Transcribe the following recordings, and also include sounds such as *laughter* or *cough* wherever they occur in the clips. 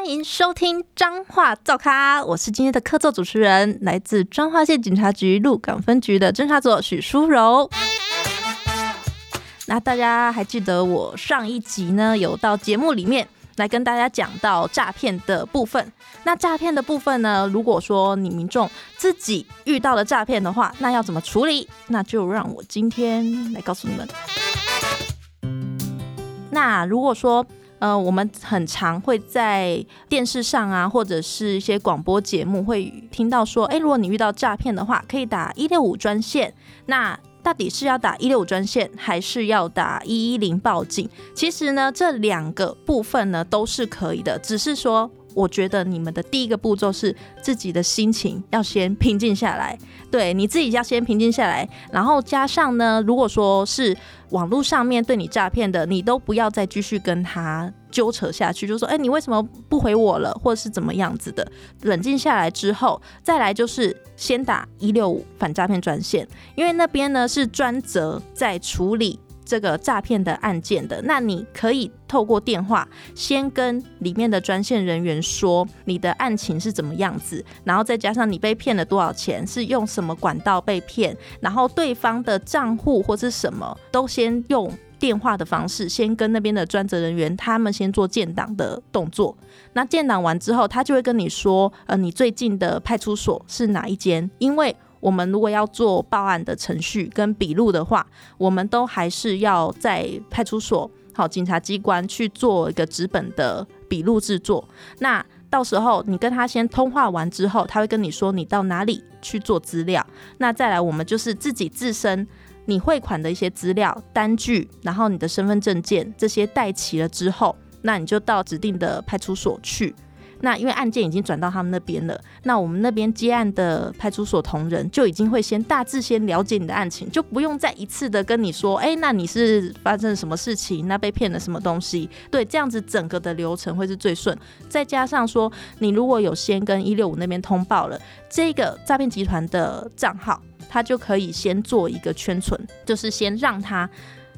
歡迎收聽《彰話噪咖》，我是今天的客座主持人，來自彰化縣警察局鹿港分局的偵查組許書柔。 *noise* 那大家還記得我上一集呢，有到節目裡面來跟大家講到詐騙的部分。那詐騙的部分呢，如果說你民眾自己遇到了詐騙的話，那要怎麼處理？那就讓我今天來告訴你們。 *noise* 那如果說呃，我們很常會在電視上啊，或者是一些廣播節目會聽到說，哎，如果你遇到詐騙的話，可以打一六五專線。那到底是要打一六五專線，還是要打一一零報警？其實呢，這兩個部分呢，都是可以的，只是說。我覺得你們的第一個步驟是自己的心情要先平靜下來，對你自己要先平靜下來。然後加上呢，如果說是網絡上面對你詐騙的，你都不要再繼續跟他糾扯下去，就說哎、欸，你為什麼不回我了？或者是怎麼樣子的。冷靜下來之後，再來就是先打一六五反詐騙專線，因為那邊呢是專責在處理。這個詐騙的案件的，那你可以透過電話先跟裡面的專線人員說你的案情是怎麼樣子，然後再加上你被騙了多少錢，是用什麼管道被騙，然後對方的賬戶或是什麼都先用電話的方式先跟那邊的專責人員，他們先做建檔的動作。那建檔完之後，他就會跟你說，呃，你最近的派出所是哪一間？因為我們如果要做報案的程序跟筆錄的話，我們都還是要在派出所、好警察機關去做一個紙本的筆錄制作。那到時候你跟他先通話完之後，他會跟你說你到哪裡去做資料。那再來，我們就是自己自身你匯款的一些資料單據，然後你的身份證件這些帶齊了之後，那你就到指定的派出所去。那因為案件已經轉到他們那邊了，那我們那邊接案的派出所同仁就已經會先大致先了解你的案情，就不用再一次的跟你說，哎、欸，那你是發生了什麼事情，那被騙了什麼東西？對，這樣子整個的流程會是最順。再加上說，你如果有先跟一六五那邊通報了這個詐騙集團的賬號，他就可以先做一個圈存，就是先讓他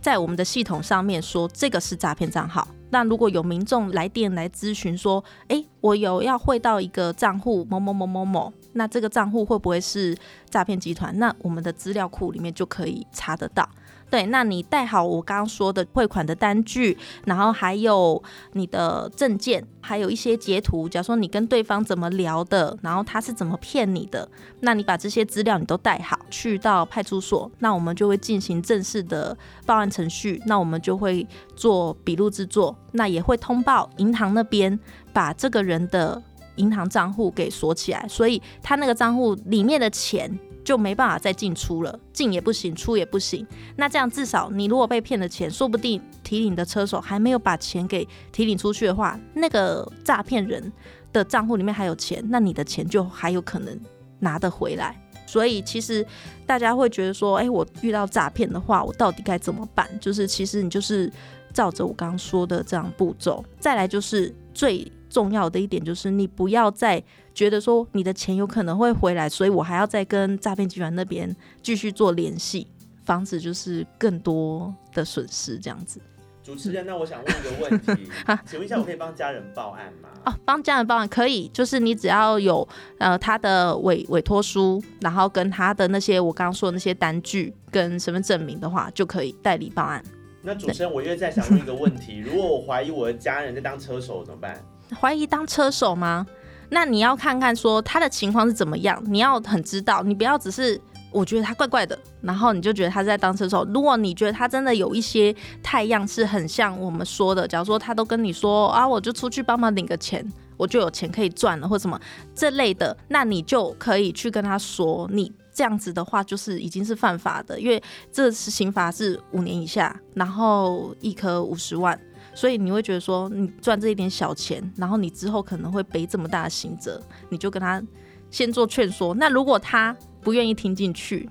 在我們的系統上面說這個是詐騙賬號那如果有民眾來電來諮詢說：“哎、欸，我有要匯到一個賬戶某某某某某，那這個賬戶會不會是詐騙集團？”那我們的資料庫裡面就可以查得到。對，那你帶好我剛剛說的匯款的單據，然後還有你的證件，還有一些截圖，假如說你跟對方怎麼聊的，然後他是怎麼騙你的，那你把這些資料你都帶好，去到派出所，那我們就會進行正式的報案程序，那我們就會做筆錄制作，那也會通報銀行那邊，把這個人的銀行賬戶給鎖起來，所以他那個賬戶裡面的錢。就沒辦法再進出了，進也不行，出也不行。那這樣至少你如果被騙的錢，說不定提領的車手還沒有把錢給提領出去的話，那個詐騙人的賬戶裡面還有錢，那你的錢就還有可能拿得回來。所以其實大家會覺得說，哎、欸，我遇到詐騙的話，我到底該怎麼辦？就是其實你就是照着我剛剛說的這樣的步驟，再來就是最。重要的一點就是，你不要再覺得說你的錢有可能會回來，所以我還要再跟詐騙集團那邊繼續做聯繫，防止就是更多的損失這樣子。主持人，那我想問一個問題， *laughs* 啊、請問一下，我可以幫家人報案嗎？哦、啊，幫家人報案可以，就是你只要有呃他的委委託書，然後跟他的那些我剛剛說的那些單據跟身份證明的話，就可以代理報案。那主持人，我又在想問一個問題， *laughs* 如果我懷疑我的家人在當車手怎麼辦？懷疑當車手嗎？那你要看看說他的情況是怎麼樣，你要很知道，你不要只是我覺得他怪怪的，然後你就覺得他是在當車手。如果你覺得他真的有一些態樣是很像我們說的，假如說他都跟你說啊，我就出去幫忙領個錢，我就有錢可以賺了，或什麼這類的，那你就可以去跟他說，你這樣子的話就是已經是犯法的，因為這次刑罰是五年以下，然後一科五十萬。所以你會覺得說，你賺這一點小錢，然後你之後可能會背這麼大的刑責，你就跟他先做勸說。那如果他不願意聽進去，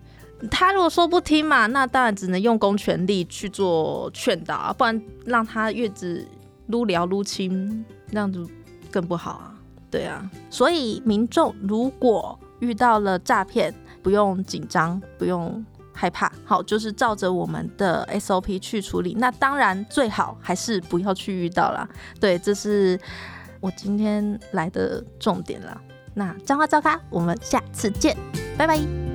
他如果說不聽嘛，那當然只能用公權力去做勸導啊，不然讓他越聊越親，那樣子更不好啊。對啊，所以民眾如果遇到了詐騙，不用緊張，不用害怕，好，就是照着我們的 SOP 去處理。那當然最好還是不要去遇到啦。對，這是我今天來的重點了。那彰話噪咖，我們下次見，拜拜。